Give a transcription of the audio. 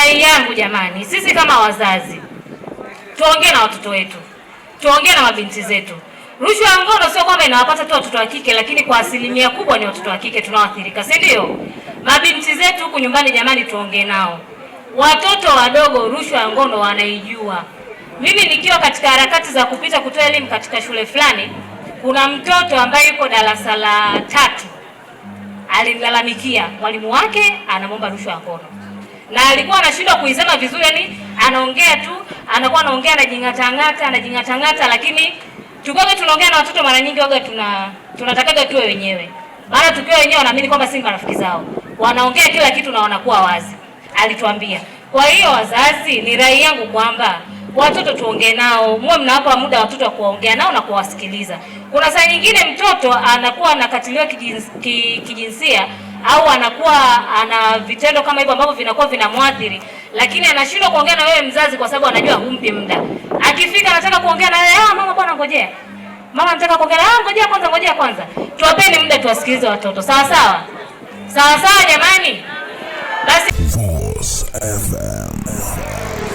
rai yangu jamani, sisi kama wazazi tuongee na watoto wetu, tuongee na mabinti zetu. Rushwa ya ngono sio kwamba inawapata tu watoto wa kike, lakini kwa asilimia kubwa ni watoto wa kike tunaoathirika, si ndio? Mabinti zetu huku nyumbani, jamani, tuongee nao. Watoto wadogo rushwa ya ngono wanaijua. Mimi nikiwa katika harakati za kupita kutoa elimu katika shule fulani, kuna mtoto ambaye yuko darasa la tatu alimlalamikia mwalimu wake anamwomba rushwa ya ngono na alikuwa anashindwa kuisema vizuri, yani anaongea tu, anakuwa anaongea anajingatangata, anajingatangata, lakini tukaga tunaongea na watoto mara nyingi waga tuna tunatakaga tuwe wenyewe, maana tukiwa wenyewe wanaamini kwamba si marafiki zao, wanaongea kila kitu na wanakuwa wazi, alituambia. Kwa hiyo wazazi, ni rai yangu kwamba watoto tuongee nao, muwe mnawapa muda watoto wa kuongea nao na kuwasikiliza. Kuna saa nyingine mtoto anakuwa anakatiliwa kijinsia au anakuwa ana vitendo kama hivyo ambavyo vinakuwa vinamwathiri, lakini anashindwa kuongea na wewe mzazi, kwa sababu anajua humpi muda. Akifika anataka kuongea na wewe, ah, mama bwana, ngojea mama, nataka kuongea ah, ngojea kwanza, ngojea kwanza. Tuwapeni muda, tuwasikilize watoto, sawa sawa, sawa sawa, jamani, basi FM.